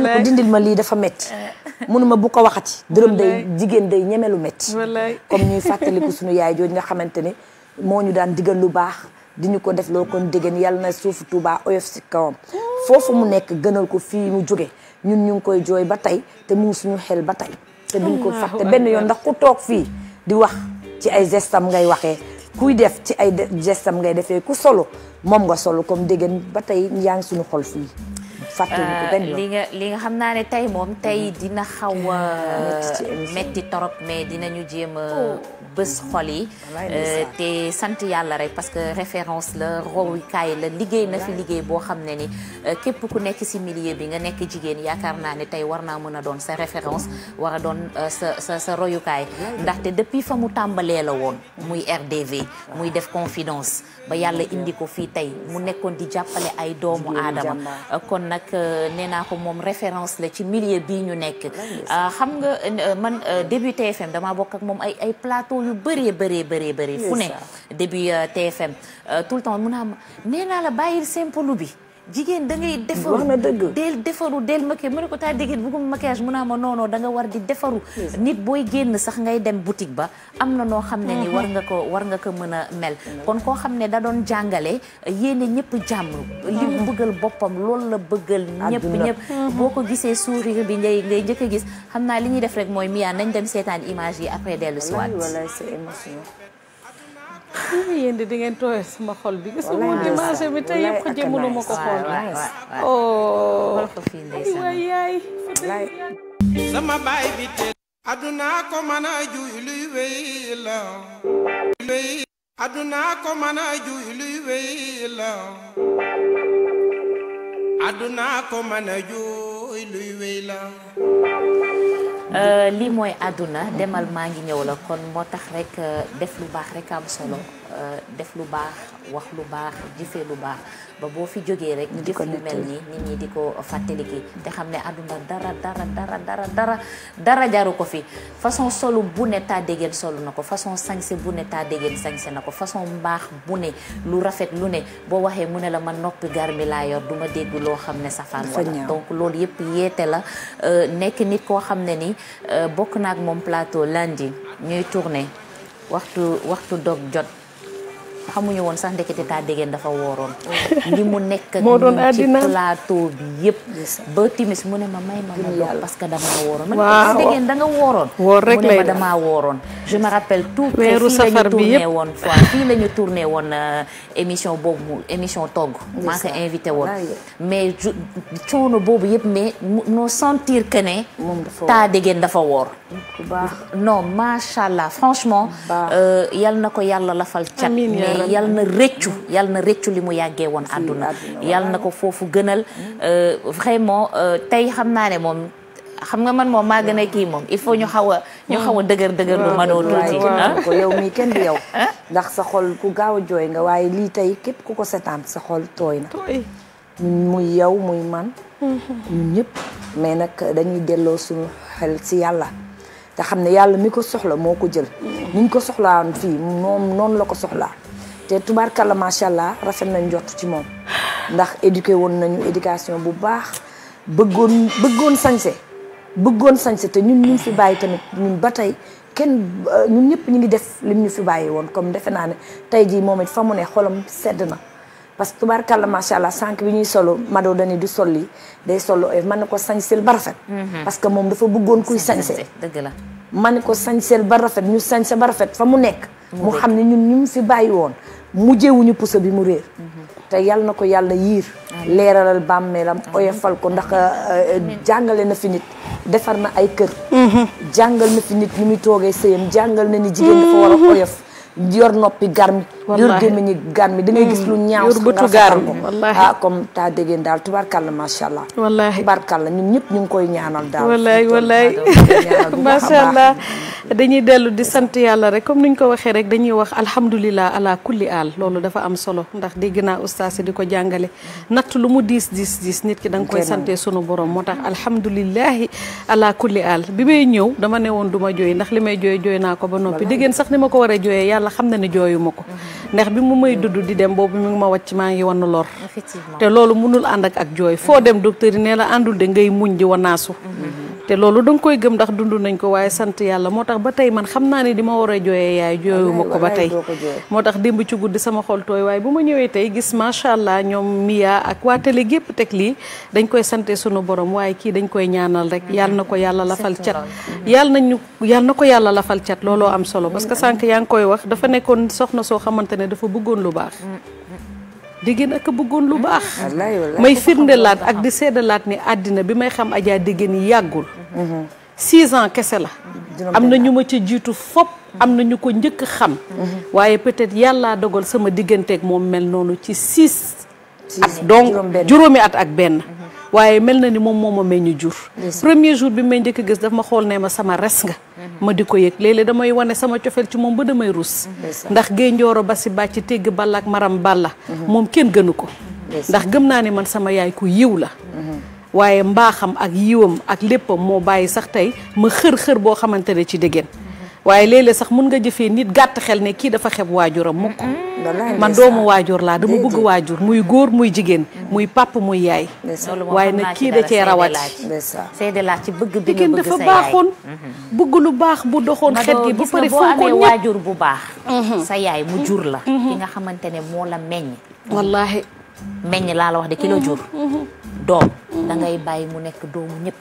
ma ne ko dindil ma lii dafa metti mënuma bu ko waxati dërëm day jigéen day ñeme lu metti comme ñuy fàttaliku suñu yaay jooju nga xamante ne moo ñu daan digal lu baax di ñu ko def loo kon déggéen yàlla na suufu tubaa oyof si kawam foofu mu nekk gënal ko fii mu jóge ñun ñu ngi koy jooy ba tey te mu suñu xel ba tey te duñ ko fàtte benn yoon ndax ku toog fii di wax ci ay gestam ngay waxee kuy def ci ay gestam ngay defee ku solo moom nga solo comme déggéen ba tey yaa suñu xol fii fàttewuñu ko euh, li nga li nga xam naa ne tey moom tey mm-hmm. dina xaw a metti torop mais dinañu jéem a oh. bés xol yi euh, te sant yàlla rek parce que référence la royukaay la liggéey na fi liggéey boo xam ne ni euh, képp ku nekk si millier bi nga nekk jigéen yaakaar naa ne tey war naa mën a doon sa référence war a doon sa sa sa royukaay ndaxte depuis fa mu tàmbalee la woon muy RDV muy def confidence ba yàlla indi ko fii tey mu nekkoon di jàppale ay doomu aadama kon nag rek euh, nee naa ko moom référence la ci milieu bii ñu nekk. Euh, xam nga euh, man début TFM dama bokk ak moom ay ay plateau yu bëree bëree bëree bëri. fu ne début TFM tout le temps mun naa am nee la bàyyil simple bi. jigéen da ngay defaru na dëgg del defaru del maquillage mu ne ko taa déggéen bëgguma maquillage mu naa ah, ma noonoo danga nga war di defaru nit booy génn sax ngay dem boutique ba am na noo xam ne ni mhm. war nga ko war nga ko mën a mel kon koo xam ne da doon jàngale yéene ñëpp jàmm mhm. li mu bëggal boppam loolu la bëggal ñëpp ñëpp mhm. boo ko gisee sourire bi ngay ngay njëkk a gis xam naa li ñuy def rek mooy miyaa nañ dem seetaan image yi après dellu si waat yéen di ngeen tooyal sama xol bi. gis nga dimanche bi tey yëpp xëjee ko xool. waay waay waay yaay. sama baay bi teel. aduna ko mën a juy luy ko mën a juy luy luy wéy Euh, lii mooy àdduna demal maa ngi ñëw la kon moo tax rek euh, def lu baax rek am solo euh, def lu baax wax lu baax jëfee lu baax ba boo fi jógee rek jëf yu mel nii nit ñi di ko fàttaliki te xam ne àdduna dara dara dara dara dara dara jaru ko fi façon solu bu ne taa déggeen solu na ko façon sañse bu ne taa déggeen na ko façon mbaax bu ne lu rafet lu ne boo waxee mu ne la ma noppi gar mi laa yor duma ma dégg loo xam ne safaan wala donc loolu yëpp yeete la euh, nekk nit koo xam ne ni euh, bokk ak moom plateau lundi ñuy tourné waxtu waxtu dog jot xamuñu woon sax ndekete taa déggeen dafa wooroon li nekk moo doon àddina ci bi yëpp ba timis ma may ma ma parce que damaa wooroon ma wooroon woor rek lay damaa wooroon je me rappelle tout weeru safar bi woon fois euh, émission boobu émission togg maa ko invité woon mais coono boobu yëpp mais noo que ne taa déggeen dafa woor allah franchement euh, yal na ko yàlla lafal cat tey yal na rëccu yal na rëccu li mu yàggee woon àdduna yal na ko foofu gënal euh, vraiment euh, tey xam naa ne moom xam nga man moom maa gën a kii moom il faut ñu xaw a ñu xaw a mm. dëgër dëgër lu manoo tuuti ah? ko yow mii kenn du yow ah? ndax sa ku gaaw a jooy nga waaye lii tey képp ku ko setaan sa tooy na muy yow muy man mm-hmm. ñun ñëpp mais nag dañuy delloo suñu xel si yàlla te xam ne yàlla mi ko soxla moo ko jël mm-hmm. ni ko soxlaan fii la ko soxlaa te tubaarkalla macha allah rafet nañ jot ci moom ndax éduqué woon nañu éducation bu baax bëggoon bëggoon sañse bëggoon sañse te ñun ñu fi bàyyi tamit ñun ba tey kenn euh, ñun ñëpp ñu ngi def lim ñu fi bàyyi woon comme defe naa ne tey jii moom it fa mu ne xolam sedd na. parce que tubaarkalla macha allah sànq bi ñuy solo Mado dani du sol yi day solo man na ko sañseel ba mhm. parce que moom dafa bëggoon kuy sañse. dëgg la man ko sañseel ba rafet ñu sañse ba rafet fa mu nekk. mu xam ne ñun ñu fi bàyyi woon. mujjewuñu puso bi mu réer mhm. te yal na ko yàlla yiir leeralal bàmmeelam oyofal ko ndax euh, jàngale na fi nit defar na ay kër mhm. jàngal na fi nit ñu muy toogee sëyam jàngal na ni jigéen mhm. dafa war a oyof yor noppi garmi yor gémmiñu gaan mi da ngay gis lu hmm. ñaaw yor bëtu gaar ko ah comme taa déggéen daal tubaarkàlla macha allah wallaahi tubaarkàlla ñun ñëpp ñu ngi koy ñaanal daal wallaahi wallaahi allah dañuy dellu di sant yàlla rek comme ni ñu ko waxee rek dañuy wax alhamdulilah ala kulli aal loolu dafa am solo ndax dégg naa ustaas di ko jàngale natt lu mu diis diis nit ki da nga koy sante sunu borom moo tax alhamdulilahi ala kulli aal bi may ñëw dama ne woon du ma jooy ndax li may jooy jooy naa ko ba noppi déggéen sax ni ma ko war a jooyee yàlla xam na ne jooyuma ko mm-hmm. ndax bi mu may dudd di dem boobu mi ngi ma wàcc maa ngi wan lor te loolu munul ànd ak jooy foo dem docteur yi nee la àndul de ngay muñ di wanaasu te loolu da nga koy gëm ndax dund nañ ko waaye sant yàlla moo tax ba tey man xam naa ne di ma war a jooyee yaay jooyuma ko ba tey moo tax démb ci guddi sama xol tooy waaye bu ma ñëwee tey gis macha allah ñoom Mia ak waa télé gépp teg lii dañ koy sante sunu borom waaye kii dañ koy ñaanal rek yàlla na ko yàlla lafal cat yàlla nañu yàlla na ko yàlla am solo xamante ne dafa bëggoon lu baax. déggéen ak bëggoon lu baax. may firnde laat ak di seddalaat ni àddina bi may xam Adja déggéen yi yàggul. Mhm. six ans kese la. am na ñu ma ca jiitu fop am na ñu ko njëkk xam. Mhm. waaye peut-être yàllaa dogal sama digganteek moom mel noonu ci six. at donc juróomi at ak benn. Mhm. waaye mel na ni moom moo ma meññ jur premier jour bi may njëkk gis daf ma xool ne ma sama res nga mhm. ma di ko yëg léeg damay wane sama cofeel ci moom ba damay rus ndax géy njooro ba si bàcc tégg balla ak maram balla mhm. moom kenn gënu ko ndax gëm naa ne man sama yaay ku yiw la mhm. waaye mbaaxam ak yiwam ak léppam moo bàyyi sax tey ma xër-xër boo xamante ne ci déggeen waaye léeg sax mun nga jëfee nit gàtt xel ne kii dafa xeb waajuram mukk man doomu waajur laa dama bëgg waajur muy góor muy jigéen mm. muy pàpp muy yaay waaye nag kii da cee rawat seede laa ci bëgg bi nga bëgg dafa baaxoon mm-hmm. bëgg lu baax bu doxoon xet gi bu pare fonkoon ñëpp waajur bu baax mm-hmm. sa yaay mu jur la mm-hmm. ki nga xamante ne moo la meññ meññ laa la wax de kilo jur doom da ngay bàyyi mu nekk doomu ñëpp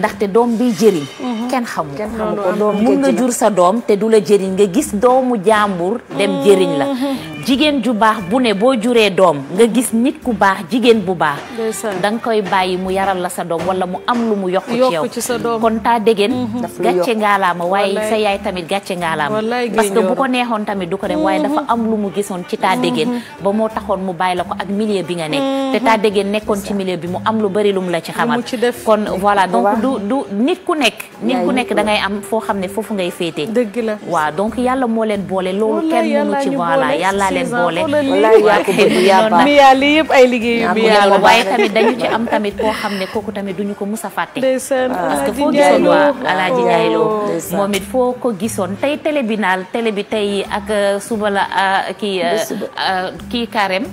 ndaxte doom bi jëriñ mhm. kenn xamu ko mun nga jur sa doom te du la jëriñ nga gis doomu jàmbur dem jëriñ la mhm. jigéen ju baax bu ne boo juree doom nga gis nit ku baax jigéen bu baax da nga koy bàyyi mu yaral la sa doom wala mu am lu mu yokk ci yow kon taa dégéen mhm. gàcce ngaalaama waaye sa yaay tamit gàcce ngaalaama parce que bu ko neexoon tamit du ko def waaye dafa mhm. am lu mu gisoon ci taa dégéen mhm. ba moo taxoon mu bàyyi la ko ak millier bi nga nekk te taa dégéen nekkoon ci milieu bi mu am lu bari lu mu la ci xamal kon voilà donc du du ku nekk nit ku nekk da ngay am foo xam ne foofu ngay féete dëgg la waaw donc yàlla moo leen boole leen boole. wallaahi yaa ko bëgg yaa baax miyaa lii yëpp ay liggéey yu miyaa la waaye tamit dañu ci am tamit koo xam ne kooku tamit duñu ko mus a fàtte. parce que foo gisoon waa Alaaji Njaaylo moom it foo ko gisoon tey télé bi naal télé bi tey ak euh, suba la ki euh, kii euh, Karem.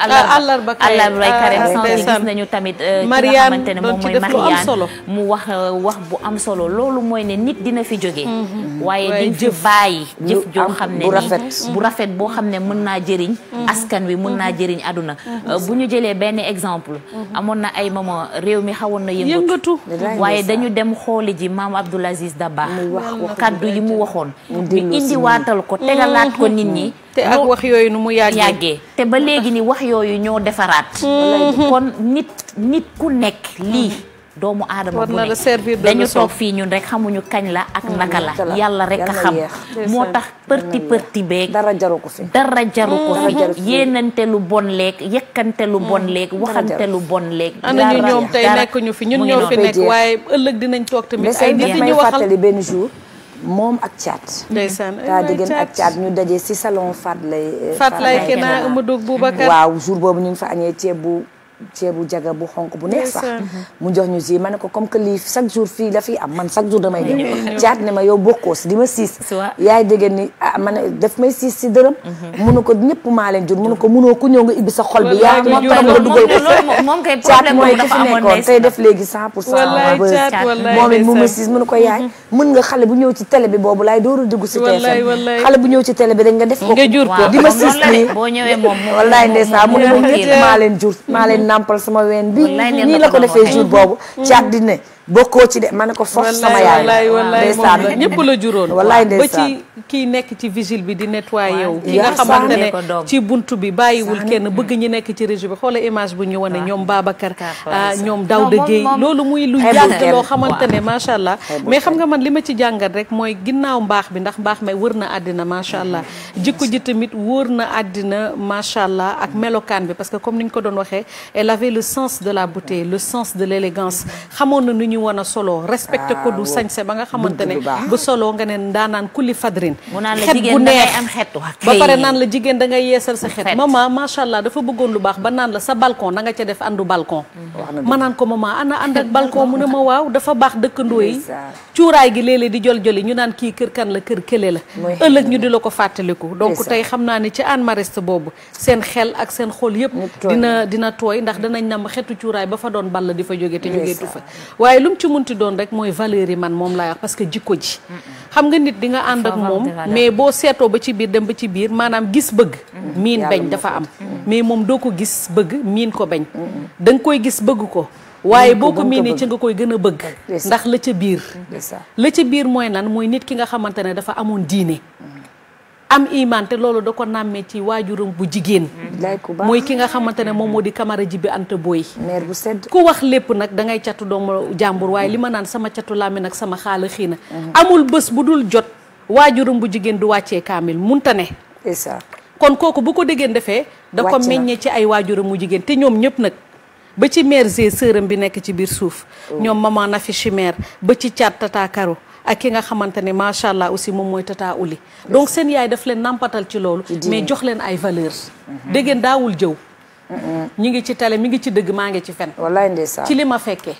àllarba ah, àllarba ah, Karim Samb gis nañu tamit eh, ki nga xamante ne moom mooy Mariane mu wax eh, wax bu am solo loolu mooy ne nit dina fi jógee mm-hmm. mm-hmm. waaye di ci bàyyi jëf joo xam ne bu rafet boo xam ne mën naa jëriñ mm-hmm. askan wi mën naa jëriñ àdduna eh, bu ñu jëlee benn exemple amoon na ay moment réew mi xawoon na yëngatu waaye dañu dem xooli ji maam Abdoul Aziz Dabakh kàddu yi mu waxoon ñu indiwaatal ko tegalaat ko nit ñi te ak wax yooyu nu mu yàggee te ba léegi ni wax yooyu ñoo defaraat hmm. kon nit nit ku nekk lii hmm. doomu aadama bu nekk dañu toog fii ñun rek xamuñu kañ la ak hmm. naka la yàlla rek a xam moo tax përti përti beeg dara jaru ko fi dara jaru ko fi yéenante lu bon leeg yëkkante lu bon leeg waxante lu bon leeg ana ñu ñoom tey nekk ñu fi ñun ñoo fi nekk waaye ëllëg dinañ toog tamit ay nit ñu waxal benn jour moom ak caat. ndeysaan taa diggéen ak caat ñu daje si salon Fatlay. Eh, Fatlay Kena Amadou Boubacar waaw jour boobu ñu ngi fa añee ceeb bu ceebu jaga bu xonk bu neex sax mu jox ñu si ma ne ko comme que lii chaque jour fii la ma yow bokkoo si di ma siis yaay dégg ni ah man daf may mhm. mu ne ko ñëpp jur mu ne ko munoo ku sa sa caat mooy ki fi nekkoon tey mu ma siis mu ne ko yaay mhm. mën bi boobu laay dooru dugg si TFM xale bu ñëw ci télé jur maa leen mhm. nàmpal sama ween bi nii la ko defee jour boobu ci ak bokkoo ci de ma ne ko force sama yaay ndeysaan ñëpp la juróon wallaay ndeysaan ba ci kii nekk ci vigile bi di nettoyé wu ki nga xamante ne ci bunt bi bàyyiwul kenn bëgg ñi nekk ci région bi xoola image bu ñu wane ñoom Babacar ah, ñoom Daouda Gueye loolu muy lu yàgg loo xamante ne macha allah mais xam nga man li ma ci jàngat rek mooy ginnaaw mbaax bi ndax mbaax may wër na àddina macha allah mm-hmm. jikko ji tamit wër na àddina macha allah ak melokaan bi parce que comme ni ñu ko doon waxee elle avait le de la beauté le sens de l'élégance xamoon ñu war a ah, ko du sañse ba nga xamante ne bu soloo nga ne daanaan kulli fadrin xet bu neex ba pare naan la jigéen da ngay yeesal sa xet maman macha allah dafa bëggoon lu baax ba naan la sa balcon da nga ca def andu balcon ma naan ko maman ana ànd ak balcon mu ne ma waaw dafa baax dëkkandoo yi cuuraay gi léeg-léeg di jol-joli ñu naan kii kër kan la kër kële la ëllëg ñu di la ko fàttaliku donc tey xam naa ni ci an Mariste boobu seen xel ak seen xol yëpp dina dina tooy ndax danañ nam xetu cuuraay ba fa doon la di fa jóge te jógeetu fa waaye lu mu ci munti doon rek mooy valeur yi man moom laay wax parce que jikko ji. xam nga nit di nga ànd ak moom mais boo seetoo ba ci biir dem ba ci biir maanaam gis bëgg. Mm-hmm. miin bañ dafa am. Mm-hmm. mais moom doo ko gis bëgg miin ko bañ. Mm-hmm. da nga koy gis bëgg ko. waaye boo ko miinee ci nga koy gën a bëgg. ndax la ca biir. la ca biir mooy lan mooy nit ki nga xamante ne dafa amoon diine. am iman te loolu da ko nàmmee ci waajuram bu jigéen mooy ki nga xamante ne moom moo di Kamara Jibi Anta Boy mère bu sedd ku wax lépp nag dangay catu doomu jàmbur waaye li ma naan sama catu làmmi nag sama xaala xii na mhm. amul bës bu dul jot waajuram bu jigéen du wàccee kaamil munta ne c'est kon kooku bu ko déggeen defee da ko meññee ci ay waajuram mu jigéen te ñoom ñëpp nag ba ci mère g bi nekk ci biir suuf oh. ñoom maman Nafi Chimère ba ci cat tata ak ki nga xamante ne macha allah aussi moom mooy tata ulli donc seen yaay daf leen nampatal ci loolu mais jox leen ay valeurs dégg daawul jëw ñi ngi ci télé mi ngi ci dëgg maa ngi ci fen wallaay ndeysaan ci li ma fekkee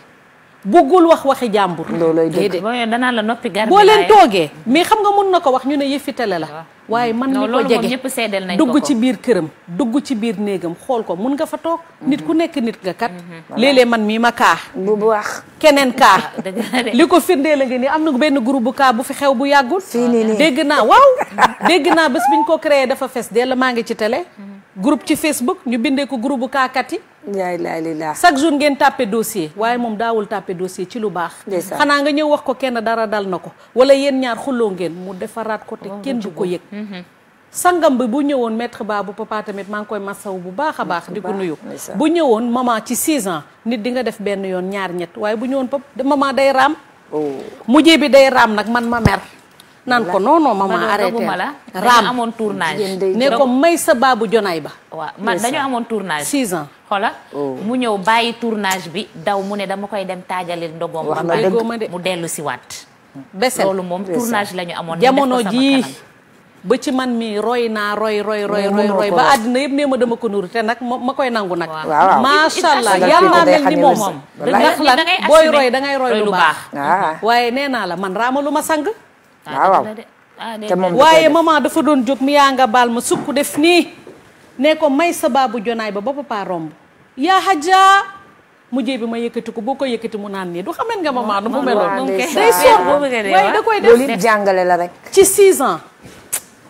bëggul wax waxi jàmbur loolooy dëgg danaa la noppi gar boo leen toogee mais xam nga mun na ko wax ñu ne yëfi tele la waaye man mm. mi ko jege dugg ci biir këram dugg ci biir néegam xool ko mun nga fa toog mm-hmm. nit ku nekk nit nga kat mm-hmm. léeg-léeg man mii ma kaa bu baax keneen kaa li ko firndee la ngeen ni am na benn groupe bu kaa bu fi xew bu yàggul dégg naa waaw dégg naa bés biñ ko créé dafa fees dell maa ngi ci tele mm-hmm. groupe ci Facebook ñu bindee ko groupe bu kaakat yi yaay laa lilaa chaque jour ngeen tàppe dossier waaye moom daawul tàppe dossier ci lu baax xanaa nga ñëw wax ko kenn dara dal na ko wala yéen ñaar xulloo ngeen mu defaraat ko te kenn ko yëg sangam bi bu ñëwoon maître ba bu papa tamit maa ngi koy masaw bu baax a baax di ko nuyu bu ñëwoon maman ci 6 ans nit di nga def benn yoon ñaar ñett waaye bu ñëwoon pap maman day raam oh. mu bi day raam nag man ma mer naan ko non non maman arrêté raam amoon tournage ne ko may sa baabu jonaay ba waaw man dañu amoon tournage 6 ans xoola oh. mu ñëw bàyyi tournage bi daw mu ne dama koy dem taajalil ndogoom ba mu dellu si waat besel loolu moom tournage la ñu amoon jamono jii ba ci man mii roy naa roy roy roy ba àddina yëpp nee ma dama ko nuru te nag ma koy nangu nag macha allah yàlla mel ni booy da ngay roy lu baax waaye nee naa la man raama lu ma sang waaw waaye maman dafa doon jóg mi yaa nga baal ma sukk def nii ne ko may sa baabu jonaay ba ba papa romb yaa xajaa mujjee bi ma yëkkati ko boo ko yëkkati mu naan nii du xam nga maman nu mu meloon day sor waaye da koy def jàngale la rek ci 6 ans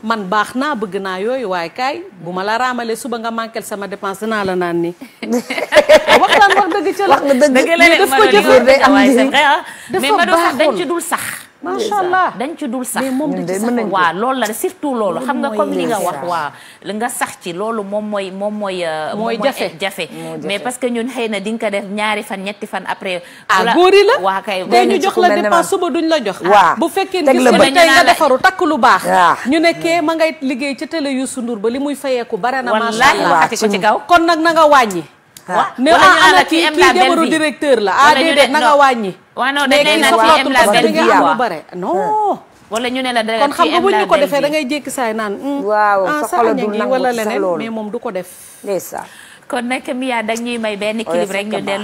man baax naa bëgg naa yooyu waaye kaay bu ma la raamalee suba nga manquel sama dépense dinaa la naan nii waxtaan wax dëgg ca la wax dëgg daf ko da day am njëriñ dafa baaxoon mais nga doon sax dañ ci dul sax macha allah dañ ci dul sax moom du ci sax loolu la surtout loolu xam nga comme li nga wax waa li nga sax ci loolu moom mooy moom mooy euh, mooy jafe jafe mais parce que ñun xëy na di nga ko def ñaari fan ñetti fan après ah góor la waa kay ñu jox la dépense suba duñ la jox bu fekkee gis nga tey defaru takk lu baax ñu nekkee ma ngay liggéey ci télé Youssou Ndour ba li muy fayeeku bare na macha allah ci kaw kon nag na nga wàññi ne ma ana kii kii jabaru directeur la ah déedéet na nga wàññi waa non dañ naan ci am la belle vie waaw bare non ah. wala ñu ne la dara kon xam nga buñ ñu ko defee da ngay jékki saay naan hmm, waaw ah, sa xol du nangu wala leneen mais moom du ko def ndeysaan kon nag Mia ñuy may benn clip rek ñu dellu